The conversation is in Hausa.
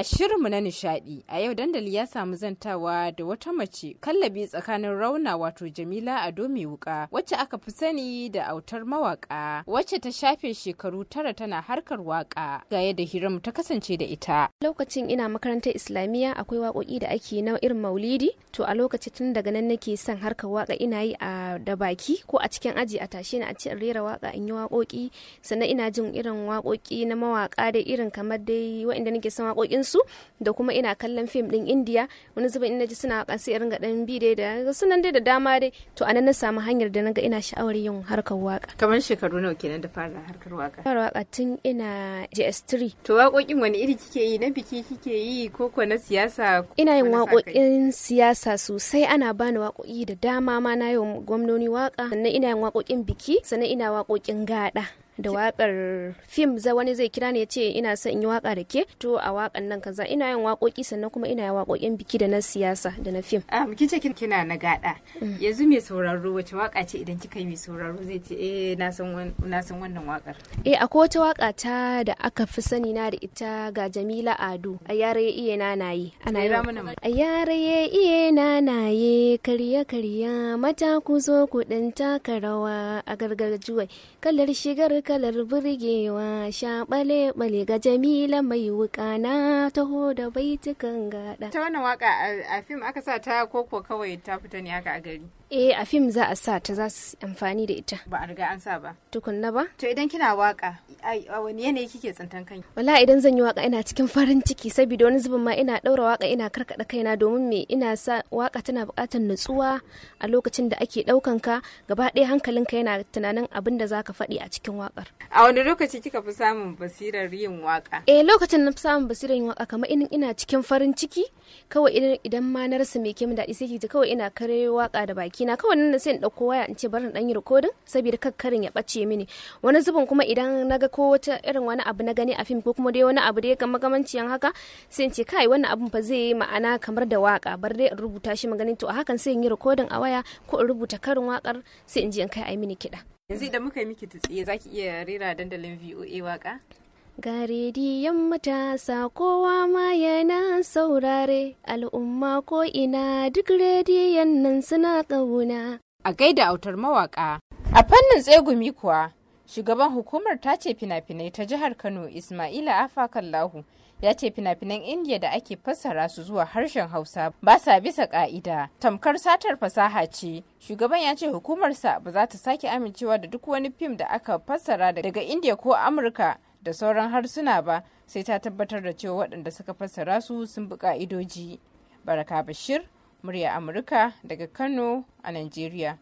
A shirinmu na nishadi a yau dandali ya samu zantawa da wata mace kallabi tsakanin rauna wato Jamila Ado mai wuka wacce aka fi sani da autar mawaka wacce ta shafe shekaru tara tana harkar waka ga yadda hiram ta kasance da ita. Lokacin ina makarantar Islamiyya akwai waƙoƙi da ake na irin maulidi to a lokacin tun daga nan nake son harkar waka ina yi a da baki ko a cikin aji a tashe ni a ci in rera waka in yi waƙoƙi sannan ina jin irin waƙoƙi na mawaka da irin kamar dai waɗanda nake son waƙoƙin su da kuma ina kallon fim din indiya wani zuba ina ji suna waka sai irin ga dan bi dai da sunan dai da dama dai to anan na samu hanyar da naga ina sha'awar yin harkar waka kamar shekaru nawa kenan da fara harkar waka fara waka tun ina JS3 to waƙoƙin wani iri kike yi na biki kike yi ko ko na siyasa ina yin waƙoƙin siyasa sosai ana bani waƙoƙi da dama ma na yau gwamnoni waka sannan ina yin waƙoƙin biki sannan ina waƙoƙin gada da wakar fim za wani zai kira ne ya ce ina son in yi waka da ke to a wakan nan kaza ina yin wakoki sannan kuma ina yin wakokin biki da na siyasa da na fim a ah, kin ce kina na gada mm. yanzu mai sauraro wace waka ce idan kika yi mai sauraro zai ce eh na san na san wannan wakar eh akwai wata waka ta da aka fi sani na da ita ga Jamila Ado a yare iye na nayi ana yi a yare iye na naye karya karya mata ku zo ku dan taka rawa a gargajuwai kallar shigar kalar burgewa shaɓale bale ga jamila mai wuka na taho da baitukan gaɗa. ta wani waka a fim aka sa ta koko kawai ta fita ne haka a gari eh a fim za a sa ta za su amfani da ita ba a riga an sa ba tukunna ba to idan kina waka a wani yanayi kike tsintan kai wala idan zan yi waka ina cikin farin ciki saboda wani zubin ma ina daura waka ina karkada kaina domin me ina sa waka tana bukatar nutsuwa a lokacin da ake daukan ka gaba ɗaya hankalinka yana tunanin abin da zaka faɗi a cikin wakar a wani lokaci kika fi samun basirar yin waka eh lokacin na fi samun basirar yin waka kamar in ina cikin farin ciki kawai idan ma na rasa me ke min daɗi sai ki kawai ina kare waka da baki kina kawai nan sai in ɗauko waya in ce barin in ɗan yi rikodin saboda kakkarin ya ɓace mini wani zubin kuma idan na ga ko wata irin wani abu na gani a fim ko kuma dai wani abu da ya kama haka sai in ce kai wannan abun fa zai yi ma'ana kamar da waka bar dai in rubuta shi maganin to a hakan sai in yi rikodin a waya ko in rubuta karin wakar sai in je in kai ai mini kiɗa. yanzu idan muka yi miki tsiye zaki iya rera dandalin voa waka. Ga rediyon matasa kowa ma yana saurare al'umma ko ina duk rediyon nan suna ƙauna. A gaida autar mawaƙa. A fannin tsegumi kuwa, shugaban hukumar ta ce fina-finai ta jihar Kano Ismaila Afakallahu ya ce fina-finan Indiya da ake fassara su zuwa harshen Hausa ba sa bisa ka'ida. Tamkar satar fasaha ce, shugaban ya ce hukumarsa ba za ta sake amincewa da duk wani fim da aka fassara daga Indiya ko Amurka da sauran harsuna ba sai ta tabbatar da cewa waɗanda suka fassara su sun bi ka'idoji. Baraka Bashir, murya Amurka daga Kano a Najeriya.